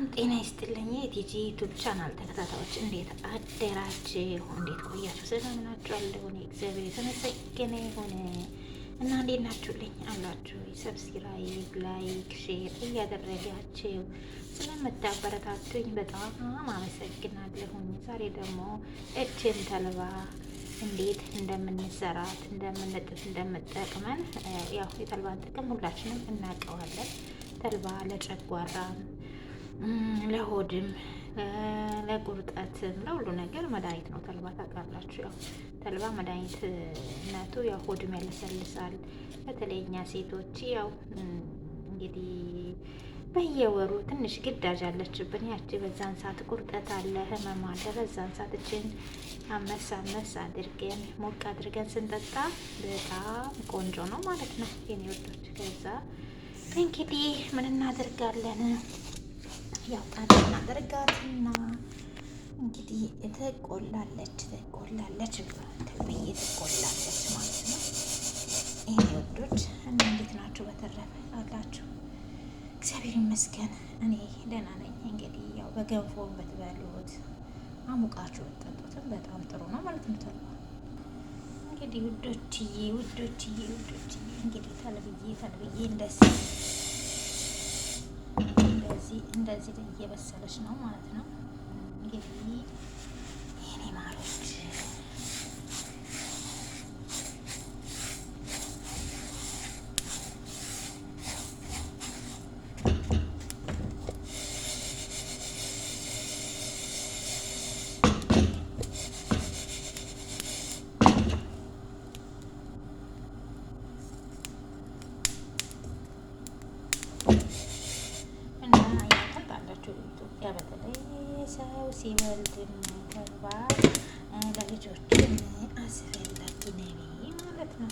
ሰላም ጤና ይስጥልኝ የቲጂ ዩቱብ ቻናል ተከታታዮች እንዴት አደራችሁ? እንዴት ቆያችሁ? ሰላም ናችኋለሁ? እኔ እግዚአብሔር የተመሰገነ የሆነ እና እንዴት ናችሁልኝ? አላችሁ ሰብስክራይብ፣ ላይክ፣ ሼር እያደረጋችሁ ስለምታበረታቱኝ በጣም አመሰግናለሁኝ። ዛሬ ደግሞ እችን ተልባ እንዴት እንደምንሰራት እንደምንጥፍ እንደምጠቅመን ያው የተልባን ጥቅም ሁላችንም እናውቀዋለን። ተልባ ለጨጓራ ለሆድም ለቁርጠትም ለሁሉ ነገር መድኃኒት ነው። ተልባ ታውቃላችሁ፣ ያው ተልባ መድኃኒትነቱ ያው ሆድም ያለሰልሳል። በተለይ እኛ ሴቶች ያው እንግዲህ በየወሩ ትንሽ ግዳጅ አለችብን። ያቺ በዛን ሰዓት ቁርጠት አለ፣ ህመም አለ። በዛን ሰዓት እችን አመስ አመስ አድርገን ሞቅ አድርገን ስንጠጣ በጣም ቆንጆ ነው ማለት ነው የኔ ወዶች። ከዛ እንግዲህ ምን እናደርጋለን ያው ጣል እናደርጋትና እንግዲህ ትቆላለች ተቆላለች ብዬ ትቆላለች ማለት ነው። ይሄ ወዶች እና እንዴት ናቸው? በተረፈ አላችሁ እግዚአብሔር ይመስገን እኔ ደህና ነኝ። እንግዲህ ያው በገንፎ በትበሉት አሙቃችሁ በጠጡትም በጣም ጥሩ ነው ማለት ነው። ተባ እንግዲህ ውዶችዬ ውዶችዬ ውዶችዬ እንግዲህ ተልብዬ ተልብዬ እንደዚህ እንደዚህ እንደዚህ እየበሰለች ነው ማለት ነው እንግዲህ ያ በተለይ ሰው ሲወልድ ገባ ለልጆችን አስፈላጊ ነቢ ማለት ነው።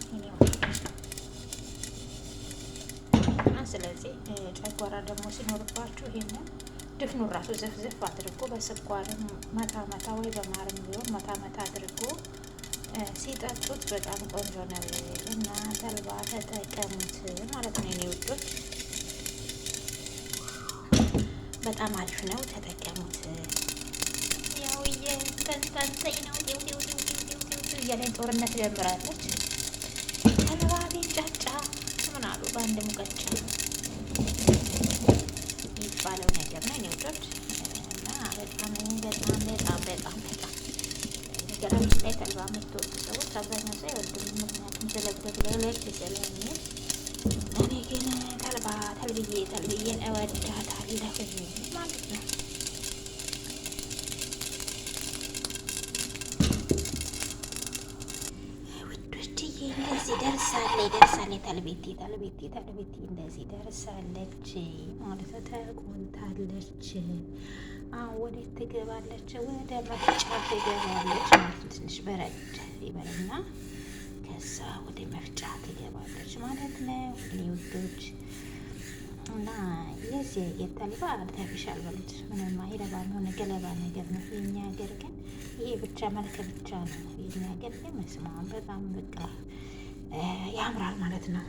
ስለዚህ ጨጓራ ደግሞ ሲኖርባችሁ ይህንን ድፍኑ ራሱ ዝፍዝፍ አድርጎ በስኳርም መታ መታ ወይ በማርም ቢሆን መታ መታ አድርጎ ሲጠጡት በጣም ቆንጆ ነው እና ተልባ ተጠቀሙት ማለት ነው የኔ ውዶች። በጣም አሪፍ ነው፣ ተጠቀሙት። ያው እየተንተንተኝ ነው እያለኝ ጦርነት ጀምራለች። ተለባቢ ጫጫ ምን አሉ በአንድ ሙቀጫ የሚባለው ነገር ነው ኔውዶች እና በጣም በጣም በጣም በጣም በጣም ነገራችን ላይ ተልባ የምትወዱ ሰዎች አብዛኛው ሰው ይወዱ፣ ምክንያቱም ስለበለለች ስለሚ ጥልዬ ጥልዬን እወዳታለሁ ማለት ነው። ውዶችዬ እንደዚህ ደርሳለች ደርሳለች፣ ተልቤቴ ተልቤቴ ተልቤቴ እንደዚህ ደርሳለች ማለት ተቆንታለች። አሁን ወዴት ትገባለች? ወደ መፍጫ ትገባለች ማለት ትንሽ በረድ ይበልና ከዛ ወደ መፍጫ ትገባለች ማለት ነው። ሌውዶች እና የዚህ የተልባ አርተፊሻል በሉት ምንም አይረባ የሆነ ገለባ ነገር ነው። የኛ ሀገር ግን ይሄ ብቻ መልክ ብቻ ነው። የኛ ሀገር ግን መስማም በጣም በቃ ያምራል ማለት ነው።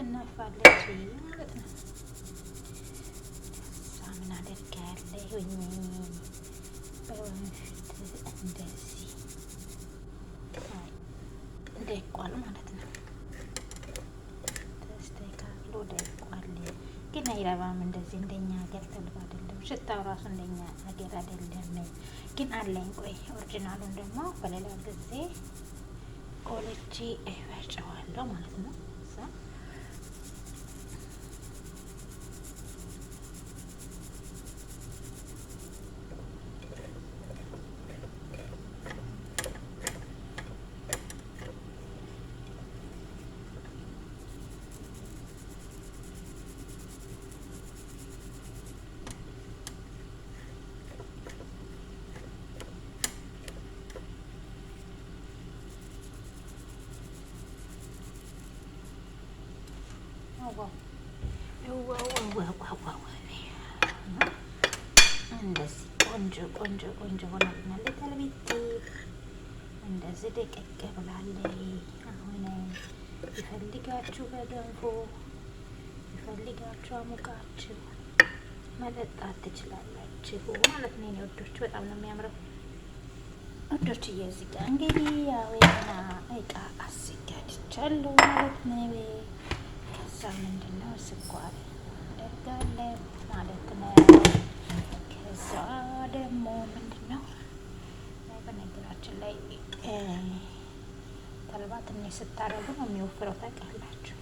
ትናፋለች ማለት ነው። እሷ ምን አደርጋ ያለ በወንፊት እንደዚህ ማለት ነው። ተስተካክሎ ግን አይረባም። እንደዚህ እንደኛ ሀገር ተልባ አይደለም። ሽታው ራሱ እንደኛ ሀገር አይደለም። ግን አለኝ። ቆይ ኦሪጂናሉን ደግሞ በሌላ ጊዜ ቆልቼ እፈጨዋለሁ ማለት ነው። እንደዚህ ቆንጆ ቆንጆ ቆንጆ ሆናልናለች ባለቤቴ። እንደዚህ ደቀቅ ብላለች። አሁን ይፈልጋችሁ በገንፎ ይፈልጋችሁ አሙቃችሁ መጠጣት ትችላላችሁ ማለት ነው። የእኔ ወዶች በጣም ነው የሚያምረው ወዶች። እየዚህ ጋር እንግዲህ ያው የሆነ እቃ አዘጋጅቻለሁ ማለት ነው። ከዛ ምንድን ነው ስኳር እናደርጋለን ማለት ነው። ከዛ ደግሞ ምንድን ነው በነገራችን ላይ ተልባ ትንሽ ስታረጉ ነው የሚወፍረው ታውቃላችሁ።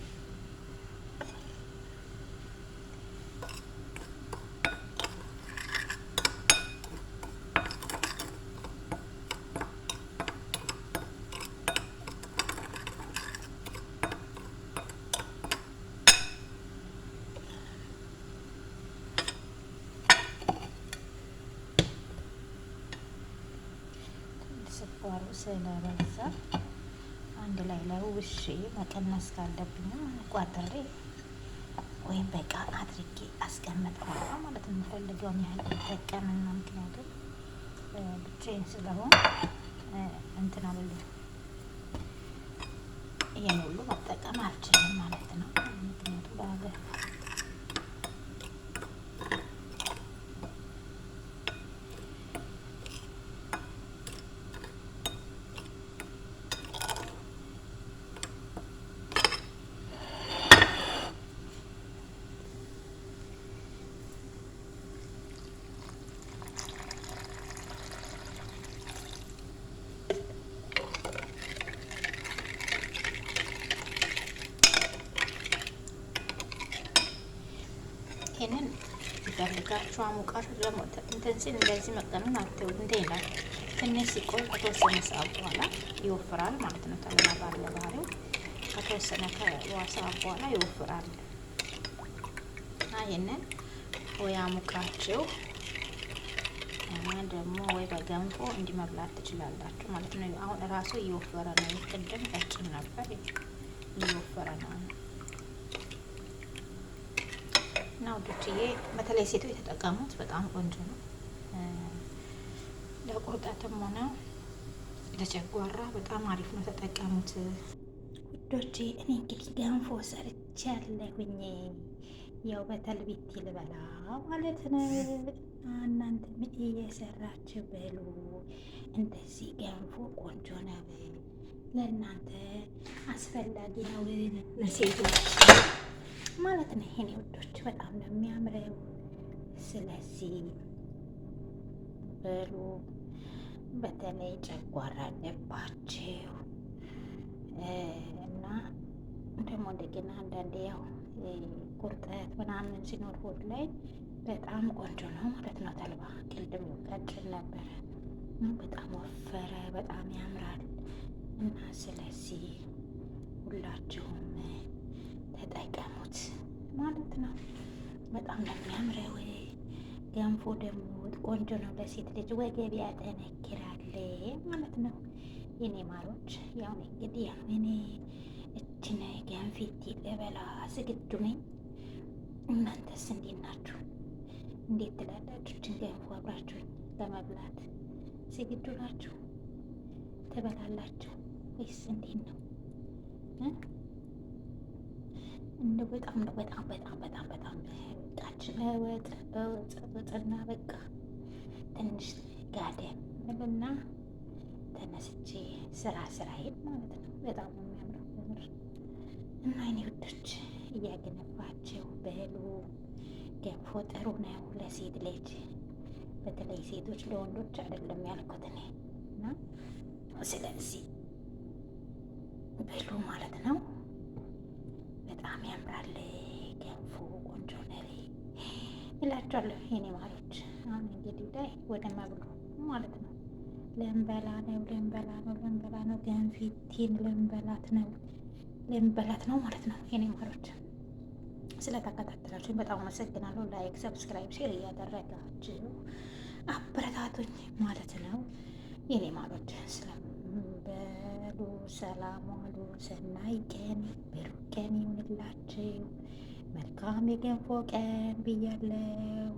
ስለበዛ አንድ ላይ ለውሼ መቀነስ ካለብኝም ቋጥሬ ወይም በቃ አድርጌ አስቀምጠዋለሁ ማለት ነው። የምፈልገውን ያህል ይጠቀምና ምክንያቱም ብቻዬን ስለሆን እንትና ብሎ ይህን ሁሉ መጠቀም አልችልም ማለት ነው። ምክንያቱም በሀገር ስጋችሁ አሙቃር እንትን ሲል እንደዚህ መቀመም አትተው እንትን ይላል። ትንሽ ሲቆይ ከተወሰነ ሰዓት በኋላ ይወፍራል ማለት ነው። ተለባ ባለ ባህሪው ከተወሰነ ከዋሳ በኋላ ይወፍራል እና ይህንን ወይ አሙቃችሁ ደግሞ ወይ በገንፎ እንዲመብላት ትችላላችሁ ማለት ነው። አሁን እራሱ እየወፈረ ነው። ቅድም ቀጭን ነበር፣ እየወፈረ ነው። ውዶችዬ በተለይ ሴቶች የተጠቀሙት በጣም ቆንጆ ነው። ለቆጣትም ሆነ ለጨጓራ በጣም አሪፍ ነው። ተጠቀሙት ውዶች። እኔ እንግዲህ ገንፎ ሰርቼ ያለሁኝ ያው በተልቢት ልበላ ማለት ነው። እናንተ ምን እየሰራችሁ በሉ። እንደዚህ ገንፎ ቆንጆ ነው፣ ለእናንተ አስፈላጊ ነው ለሴቶች ማለት ነው። ይሄን ውዶች በጣም ነው የሚያምረው። ስለዚህ በሉ በተለይ ጨጓራ አለባችሁ እና ደግሞ እንደገና አንዳንዴ ያው ቁርጠት ምናምን ሲኖር ሆድ ላይ በጣም ቆንጆ ነው ማለት ነው። ተልባ ድልድም ቀጭን ነበረ፣ በጣም ወፈረ፣ በጣም ያምራል እና ስለዚህ ሁላችሁም ነው። በጣም ነው የሚያምረው። ገንፎ ደግሞ ቆንጆ ነው። ለሴት ልጅ ወገብ ያጠነክራል ማለት ነው። የኔ ማሮች ያው እንግዲህ ያው እኔ እችን ገንፌት ልበላ ዝግጁ ነኝ። እናንተስ እንዴት ናችሁ? እንዴት ትላላችሁ? እችን ገንፎ አብራችሁ ለመብላት ዝግጁ ናችሁ? ትበላላችሁ ወይስ እንዴት ነው? እንደ በጣም ነው በጣም በጣም በጣም በጣም ወጥ ወጥና በቃ ትንሽ ጋደም ምልና ተነስቼ ስራ ስራዬ ማለት ነው። በጣም ነው የሚያምረው ምር እና እኔ ውዶች እያገነፋቸው በሉ ገንፎ ጥሩ ነው ለሴት ልጅ በተለይ ሴቶች ለወንዶች አይደለም ያልኩት እኔ እና ስለዚህ በሉ ማለት ነው። በጣም ያምራል። ገንፎ ቆንጆ ነሪ ይላችኋለሁ የኔ ማሮች። አሁን እንግዲህ ላይ ወደ መብሉ ማለት ነው። ልንበላ ነው፣ ልንበላ ነው፣ ልንበላ ነው። ገንፊቲን ልንበላት ነው፣ ልንበላት ነው ማለት ነው የኔ ማሮች። ስለተከታተላችሁ በጣም አመሰግናለሁ። ላይክ፣ ሰብስክራይብ፣ ሼር እያደረጋችሁ አበረታቶኝ ማለት ነው የኔ ማሮች ስለ ዋሉ፣ ሰላም ዋሉ። ሰናይ ቀን ብሩህ ቀን ይሁንላችሁ። መልካም የገንፎ ቀን ብያለው።